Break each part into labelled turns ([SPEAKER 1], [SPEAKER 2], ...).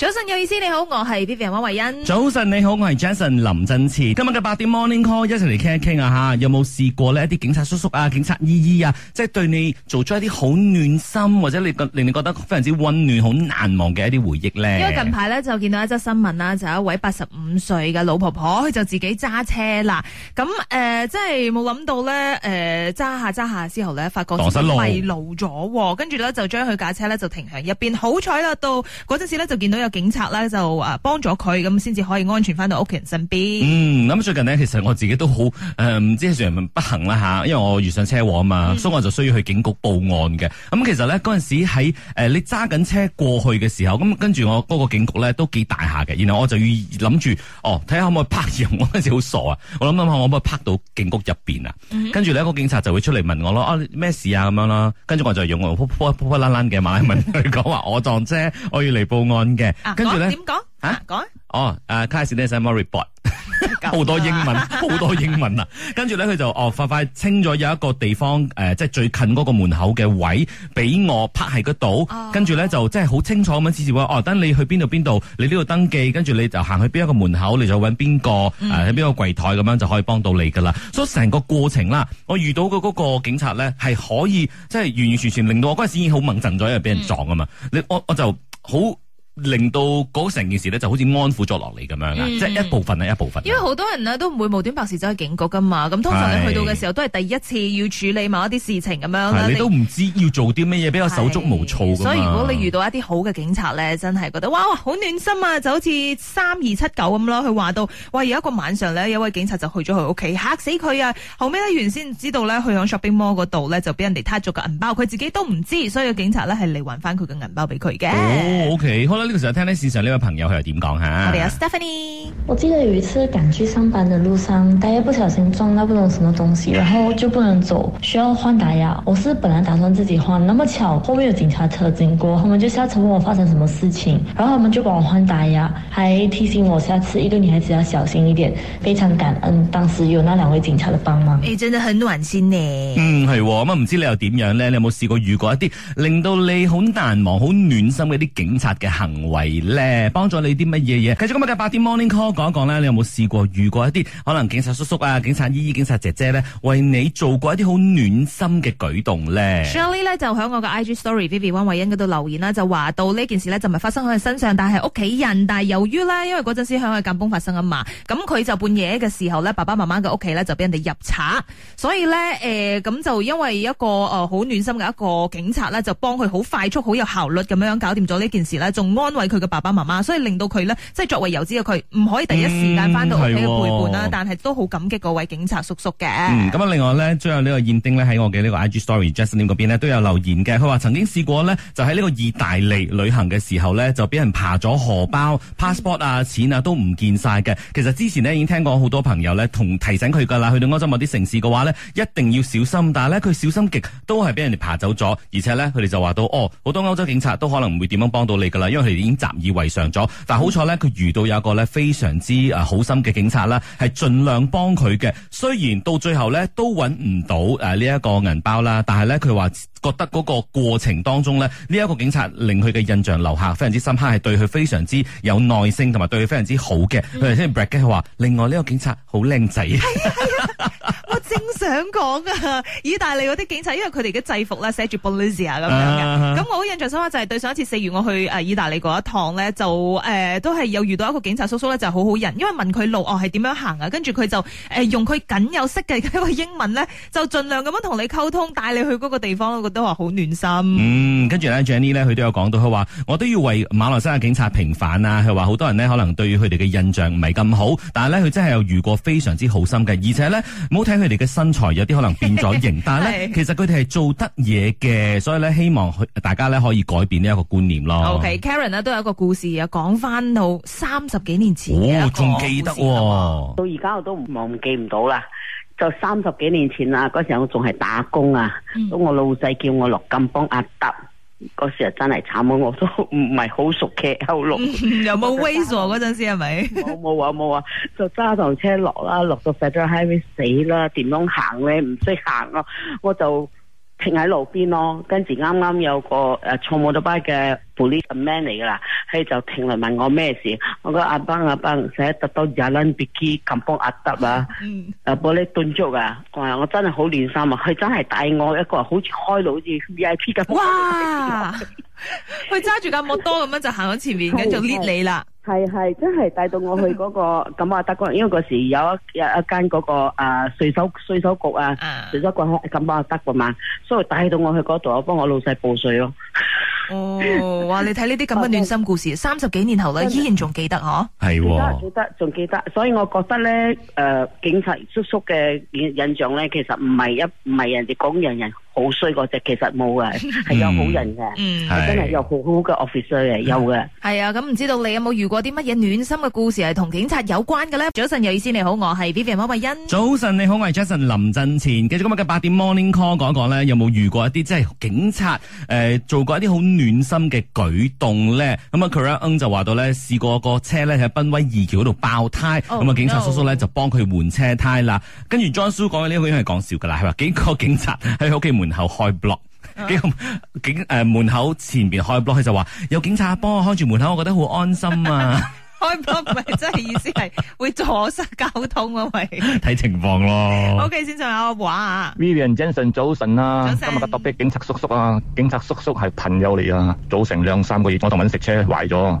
[SPEAKER 1] 早晨有意思，你好，我係 Vivian 温慧欣。
[SPEAKER 2] 早晨你好，我係 Jason 林振慈。今日嘅八點 Morning Call，一齊嚟傾一傾啊吓，有冇試過咧一啲警察叔叔啊、警察姨姨啊，即係對你做咗一啲好暖心或者你令你覺得非常之温暖、好難忘嘅一啲回憶咧？因為近
[SPEAKER 1] 排咧就見到一則新聞啦，就有一位八十五歲嘅老婆婆，佢就自己揸車啦，咁誒，即係冇諗到咧，誒、呃、揸下揸下之後咧，發覺迷失路迷路咗，跟住咧就將佢架車咧就停喺入邊，好彩啦，到嗰陣時咧就見到。個警察咧就誒幫咗佢，咁先至可以安全返到屋企人身邊、
[SPEAKER 2] 嗯。嗯，咁最近呢，其實我自己都好誒，唔知係算唔不幸啦吓，因為我遇上車禍啊嘛，嗯、所以我就需要去警局報案嘅。咁、嗯、其實咧嗰陣時喺誒、呃、你揸緊車過去嘅時候，咁、嗯、跟住我嗰、嗰個警局咧都幾大下嘅，然後我就要諗住哦，睇下可唔可以拍人。我嗰陣時好傻啊，我諗諗下我可唔可以拍到警局入邊啊？嗯、哼跟住咧、個警察就會出嚟問我咯，咩、啊、事啊咁樣啦？跟住我就用我扑撲撲撲爛爛嘅馬來文嚟講話， 我撞車，我要嚟報案嘅。跟住咧點講吓講哦，啊 c a s h l e s a m o r y b o y 好多英文，好了、啊、 多英文啊！跟住咧，佢就哦快快清咗有一個地方，誒、呃，即係最近嗰個門口嘅位俾我拍喺嗰度，跟住咧就即係好清楚咁樣指示我哦。等你去邊度邊度，你呢度登記，跟住你就行去邊一個門口，你就搵邊、嗯呃、個誒喺邊個櫃台咁樣就可以幫到你噶啦。所以成個過程啦，我遇到嗰個警察咧係可以即係完完全全令到我嗰陣時已經好猛神咗，因為俾人撞啊嘛。嗯、你我我就好。令到嗰成件事咧就好似安撫咗落嚟咁樣，即係、嗯、一部分啊，一部分。因
[SPEAKER 1] 為好多人呢都唔會無端白事走去警局噶嘛，咁通常你去到嘅時候都係第一次要處理某一啲事情咁樣，你，你都唔
[SPEAKER 2] 知要做啲咩嘢，比較手足無措嘛，所以如果你
[SPEAKER 1] 遇到一啲好嘅警察咧，真係覺得哇，好暖心啊！就好似三二七九咁咯，佢話到哇，有一個晚上咧，有位警察就去咗佢屋企，吓死佢啊！後尾咧原先知道咧，去響 shopping mall 嗰度咧就俾人哋撻咗個銀包，佢自己都唔知，所以個警察咧係嚟還翻佢嘅銀包俾佢嘅。哦
[SPEAKER 2] ，okay。呢個時候聽咧，線上呢位朋友佢又點講吓
[SPEAKER 1] ？Stephanie。我記得有一次趕去上班的路上，大家不小心撞到不懂什麼東西，然後就不能走，需要換打牙。我是本來打算自己換，那麼巧後面有警察車經過，他們就下車問我發生什麼事情，然後他們就幫我換打牙，還提醒我下次一個女孩子要小心一點。非常感恩當時有那兩位警察的幫忙，誒、欸，真的很暖心咧。嗯，
[SPEAKER 2] 係咁啊，唔知你又點樣呢？你有冇試過遇過一啲令到你好難忘、好暖心嘅一啲警察嘅行為？行為咧，幫咗你啲乜嘢嘢？繼續今日嘅八點 morning call，講一講咧，你有冇試過遇過一啲可能警察叔叔啊、警察姨姨、警察姐姐咧，為你做過一啲好暖心嘅舉動咧？Shirley
[SPEAKER 1] 咧就喺我嘅 IG story Vivian 溫慧欣嗰度留言啦，就話到呢件事呢就唔係發生喺佢身上，但係屋企人，但係由於呢，因為嗰陣時喺佢間房發生啊嘛，咁佢就半夜嘅時候呢，爸爸媽媽嘅屋企呢就俾人哋入賊，所以呢，誒、呃、咁就因為一個誒好、呃、暖心嘅一個警察呢，就幫佢好快速、好有效率咁樣搞掂咗呢件事呢。仲安慰佢嘅爸爸媽媽，所以令到佢咧，即係作為遊子嘅佢唔可以第一時間翻到屋企嘅陪伴啦。嗯哦、但係都好感激各位警察叔叔嘅。
[SPEAKER 2] 咁、嗯、另外咧，最後呢個燕丁咧喺我嘅呢個 IG story Justin 嗰邊咧都有留言嘅。佢話曾經試過呢，就喺呢個意大利旅行嘅時候呢，就俾人爬咗荷包、嗯、passport 啊、錢啊都唔見晒嘅。其實之前呢，已經聽過好多朋友呢，同提醒佢噶啦，去到歐洲某啲城市嘅話呢，一定要小心。但係呢，佢小心極都係俾人哋爬走咗，而且呢，佢哋就話到哦，好多歐洲警察都可能唔會點樣幫到你噶啦，因為佢。已經習以為常咗，但係好彩咧，佢遇到有一個咧非常之誒好心嘅警察啦，係盡量幫佢嘅。雖然到最後咧都揾唔到誒呢一個銀包啦，但係咧佢話覺得嗰個過程當中咧呢一個警察令佢嘅印象留下非常之深刻，係對佢非常之有耐性，同埋對佢非常之好嘅。佢話、嗯，雖然 Blackie 佢話，另外呢個警察好靚仔。
[SPEAKER 1] 想講㗎，意大利嗰啲警察，因為佢哋嘅制服咧寫住 Polizia 咁樣嘅，咁、uh, uh, uh, 我好印象深刻就係對上一次四月我去誒意大利嗰一趟咧，就誒、呃、都係有遇到一個警察叔叔咧，就好好人，因為問佢路哦係點樣行啊，跟住佢就誒、呃、用佢僅有識嘅一個英文咧，就盡量咁樣同你溝通，帶你去嗰個地方咯，我覺得話
[SPEAKER 2] 好暖心。嗯，跟住咧，Jenny 呢，佢都有講到，佢話我都要為馬來西亞警察平反啊，佢話好多人呢，可能對於佢哋嘅印象唔係咁好，但係咧佢真係有遇過非常之好心嘅，而且呢，唔好睇佢哋嘅身，才有啲可能變咗形， 但係咧，是其實佢哋係做得嘢嘅，所以咧，希望大家咧可以改變呢一個觀念咯。
[SPEAKER 1] OK，Karen、okay, 咧、啊、都有一個故事啊，講翻到三十幾年前嘅一個故、哦啊、到而家我都唔忘記唔
[SPEAKER 3] 到啦。就三十幾年前啦，嗰時候仲係打工啊，咁、嗯、我老細叫我落金幫阿德。嗰時啊，真係慘啊，我都唔係好熟騎後落，
[SPEAKER 1] 有冇猥瑣嗰陣時係咪？
[SPEAKER 3] 冇啊冇啊，就揸堂車落啦，落到 Federal Highway 死啦，點樣行咧？唔識行囉，我就。停喺路邊咯，跟住啱啱有個誒坐摩托車嘅 b u l polis man 嚟噶啦，佢、啊、就停嚟問我咩事。我個阿班阿班成日得到 b 雅倫別 y 甘幫阿德啊，阿 polis 頓足啊，我話我真係好暖心啊，佢真係帶我一個好似開到好似 VIP 咁。哇！佢揸住
[SPEAKER 1] 架摩托咁樣就行喺前面，跟就 lead 你啦。
[SPEAKER 3] 係係真係帶到我去嗰、那個咁啊得個，因為嗰時有一有一間嗰個啊稅收稅收局啊稅收、啊、局開咁啊得噶嘛，所以帶到我去嗰、那、度、個，幫我，我老細報稅咯。
[SPEAKER 1] 哦，哇！你睇呢啲咁嘅暖心故事，三十幾年後啦，的依然仲記得嗬？係喎的，記得
[SPEAKER 3] 仲記得，所
[SPEAKER 1] 以我覺得咧，誒、呃，警察
[SPEAKER 3] 叔叔嘅印印象咧，其實唔係一唔係人哋講樣人。好衰嗰隻其實冇嘅，係 有好人嘅，嗯的，真係有好好嘅 officer
[SPEAKER 1] 有嘅。係啊，咁唔知道你有冇遇過啲乜嘢暖心嘅故事係同警察有關嘅咧？早晨，有意思你好，我係 Vivian 馬慧欣。
[SPEAKER 2] 早晨你好，我係 Jason 林振前。繼續今日嘅八點 Morning Call 講講咧，有冇遇過一啲即係警察誒、呃、做過一啲好暖心嘅舉動咧？咁啊 Corrine 就話到咧，試過個車咧喺檳威二橋嗰度爆胎，咁啊、oh, 警察叔叔咧 no. 就幫佢換車胎啦。跟住 John 講呢個應該係講笑噶啦，係話幾個警察喺屋企門門口開 block，警、誒、oh. 門口前邊開 block，佢就話有警察幫我開住門口，我覺得好安心啊！
[SPEAKER 1] 開 block 唔係真係意思係會阻塞交通啊？喂，
[SPEAKER 2] 睇情況咯。OK，
[SPEAKER 1] 先生有
[SPEAKER 2] 個 call 啊 Vivian Johnson 早晨安啊，今日個特別警察叔叔啊，警察叔叔係朋友嚟啊，早成兩三個月，我同搵食車壞咗。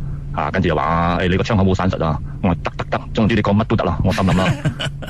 [SPEAKER 2] 啊，跟住又話，誒、欸，你個窗口冇閂實啊！我話得得得，總之你講乜都得啦，我心諗啦，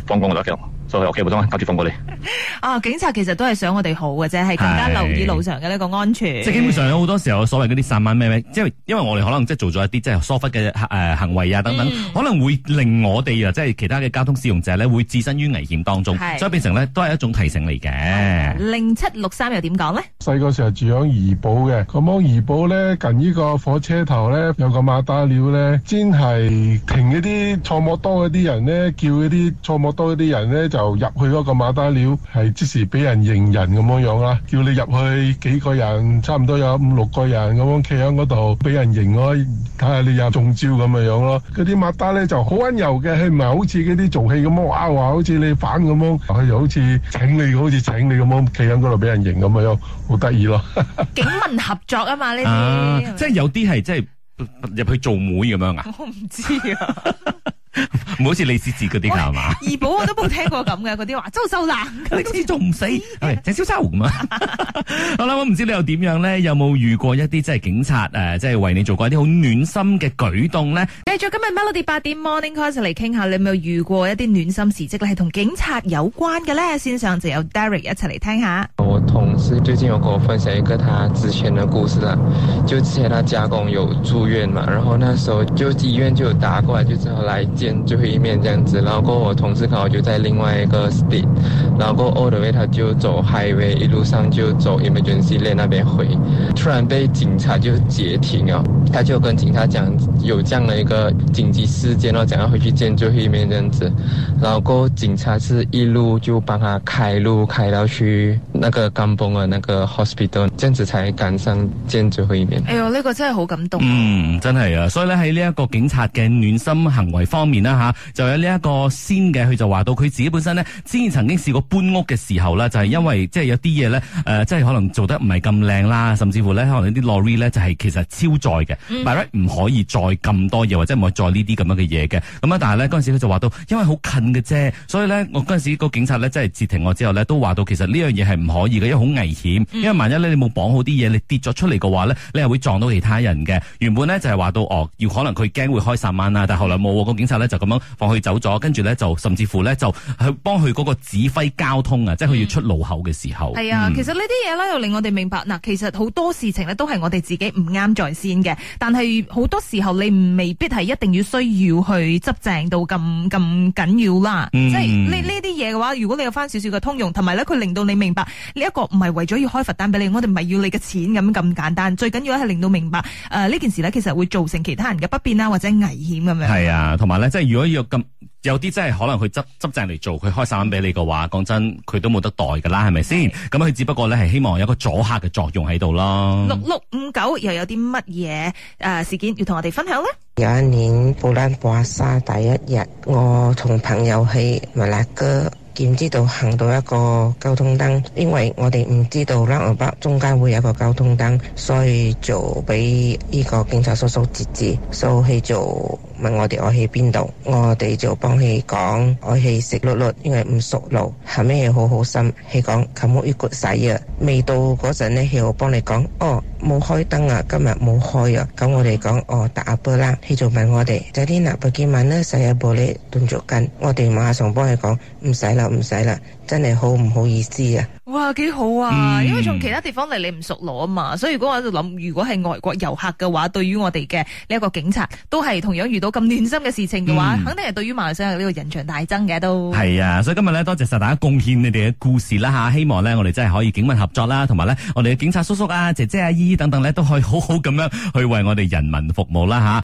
[SPEAKER 2] 放過我都得。就去屋企部裝，
[SPEAKER 1] 交住送過嚟。 啊，警察其實都係想我哋好嘅啫，係更加留意路上嘅呢個安全。是即係基本
[SPEAKER 2] 上好多時候，所謂嗰啲殺馬咩咩，即係因為我哋可能即係做咗一啲即係疏忽嘅誒行為啊等等，嗯、可能會令我哋啊即係其他嘅交通使用者咧會置身於危險當中，是所以變成咧都係一種提醒嚟嘅、嗯。
[SPEAKER 1] 零七六三又點講咧？
[SPEAKER 2] 細個時候住響怡保嘅，咁芒怡保咧近呢個火車頭咧有個馬打寮咧，先係停嗰啲錯莫多嗰啲人咧，叫嗰啲錯莫多嗰啲人咧就。就入去嗰個馬打料，係即時俾人認人咁樣樣啦，叫你入去幾個人，差唔多有五六個人咁樣企喺嗰度俾人認我，睇下你有中招咁樣樣咯。嗰啲馬打咧就很溫柔的是不是好溫柔嘅，係唔係好似嗰啲做戲咁樣，哇哇好似你反咁樣，佢又好似請你好似請你咁樣企喺嗰度俾人認咁樣樣，好得意咯。
[SPEAKER 1] 警民合作啊嘛，呢啲、啊、即係
[SPEAKER 2] 有啲係即係入去做妹咁樣不啊？我
[SPEAKER 1] 唔知啊。
[SPEAKER 2] 唔好似李思捷嗰啲係嘛？怡寶
[SPEAKER 1] 我都冇聽過咁嘅嗰啲話，周秀娜你都似
[SPEAKER 2] 做唔死，鄭少秋咁啊！好啦，我唔知你又點樣咧，有冇遇過一啲即係警察誒、呃，即係為你做過一啲好暖心嘅舉動咧？
[SPEAKER 1] 繼續今日 Melody 八點 Morning Call 嚟傾下，你有冇遇過一啲暖心事蹟咧？係同警察有關嘅咧？線上就有 Derek 一齊嚟聽下。
[SPEAKER 2] 我同事最近有個分享一個他之前嘅故事啦，就之前他家公有住院嘛，然後那時候就醫院就有打過嚟，就之後嚟。見最後一面這樣子，然後我同事佢就在另外一個 state，然後 go all the way 他就走 highway，一路上就走 emergency lane 那邊回，突然被警察就截停了，他就跟警察講有這樣的一個緊急事件，然後講要回去見最後一面這樣子，然後警察是一路就幫他開路開到去那個剛崩嘅那個 hospital，這樣子才趕上見最後一面。
[SPEAKER 1] 哎呦，呢個真係好感
[SPEAKER 2] 動啊。嗯，真係啊，所以呢，喺呢一個警察嘅暖心行為方面。面啦嚇，就有呢一個先嘅，佢就話到佢自己本身呢，之前曾經試過搬屋嘅時候呢，就係因為即係有啲嘢呢，誒、呃，即係可能做得唔係咁靚啦，甚至乎咧，可能啲 lorry 呢就係其實超載嘅，嗯，唔可以載咁多嘢，或者唔可以載呢啲咁樣嘅嘢嘅。咁但係咧，嗰時佢就話到，因為好近嘅啫，所以呢，我嗰陣時個警察呢，即係截停我之後呢，都話到其實呢樣嘢係唔可以嘅，因為好危險，嗯、因為萬一咧你冇綁好啲嘢，你跌咗出嚟嘅話呢，你係會撞到其他人嘅。原本呢，就係話到哦，要可能佢驚會開十萬啦，但係後來冇喎，個警察。就咁樣放佢走咗，跟住咧就甚至乎咧就去幫佢嗰個指揮交通啊，即係佢要出路口嘅時候。係啊，其
[SPEAKER 1] 實呢啲嘢咧又令我哋明白嗱，其實好多事情呢都係我哋自己唔啱在先嘅。但係好多時候你未必係一定要需要去執正到咁咁緊要啦。嗯、即係呢呢啲嘢嘅話，如果你有翻少少嘅通融，同埋咧佢令到你明白呢一個唔係為咗要開罰單俾你，我哋唔係要你嘅錢咁咁簡單。最緊要咧係令到明白誒呢、呃、件事呢其實會造成其他人嘅不便啊或者危險咁樣。係
[SPEAKER 2] 啊，同埋咧。即係如果要咁有啲真係可能佢執執正嚟做，佢開散銀俾你嘅話，講真佢都冇得袋㗎啦，係咪先？咁佢的只不過咧係希望有個阻嚇嘅作用喺度咯。六
[SPEAKER 1] 六五九又有啲乜嘢誒事件要同我哋分享咧？
[SPEAKER 3] 有一年布蘭布亞沙第一日，我同朋友去馬來哥。點知道行到一個交通燈，因為我哋唔知道南北中間會有一個交通燈，所以就俾呢個警察叔叔截住。所以佢就問我哋我喺邊度，我哋就幫佢講我喺石碌碌，因為唔熟路。後尾又好好心，佢講求冇要刮洗啊！未到嗰陣咧，佢又幫你講哦，冇開燈啊，今日冇開啊。咁我哋講哦，打阿波啦。佢就問我哋，就啲納步幾萬咧，洗下玻璃斷竹根。我哋馬上幫佢講唔使啦。唔使啦，真係好唔好意思啊！
[SPEAKER 1] 哇，幾好啊！嗯、因為從其他地方嚟，你唔熟路啊嘛，所以如果我喺度諗，如果係外國遊客嘅話，對於我哋嘅呢一個警察，都係同樣遇到咁暖心嘅事情嘅話，嗯、肯定係對於馬來西亞呢個印象大增嘅都。係啊，
[SPEAKER 2] 所以今日呢，多謝晒大家貢獻你哋嘅故事啦吓，啊，希望呢，我哋真係可以警民合作啦，同埋呢，我哋嘅警察叔叔啊，姐姐啊，姨等等呢，都可以好好咁樣去為我哋人民服務啦吓。啊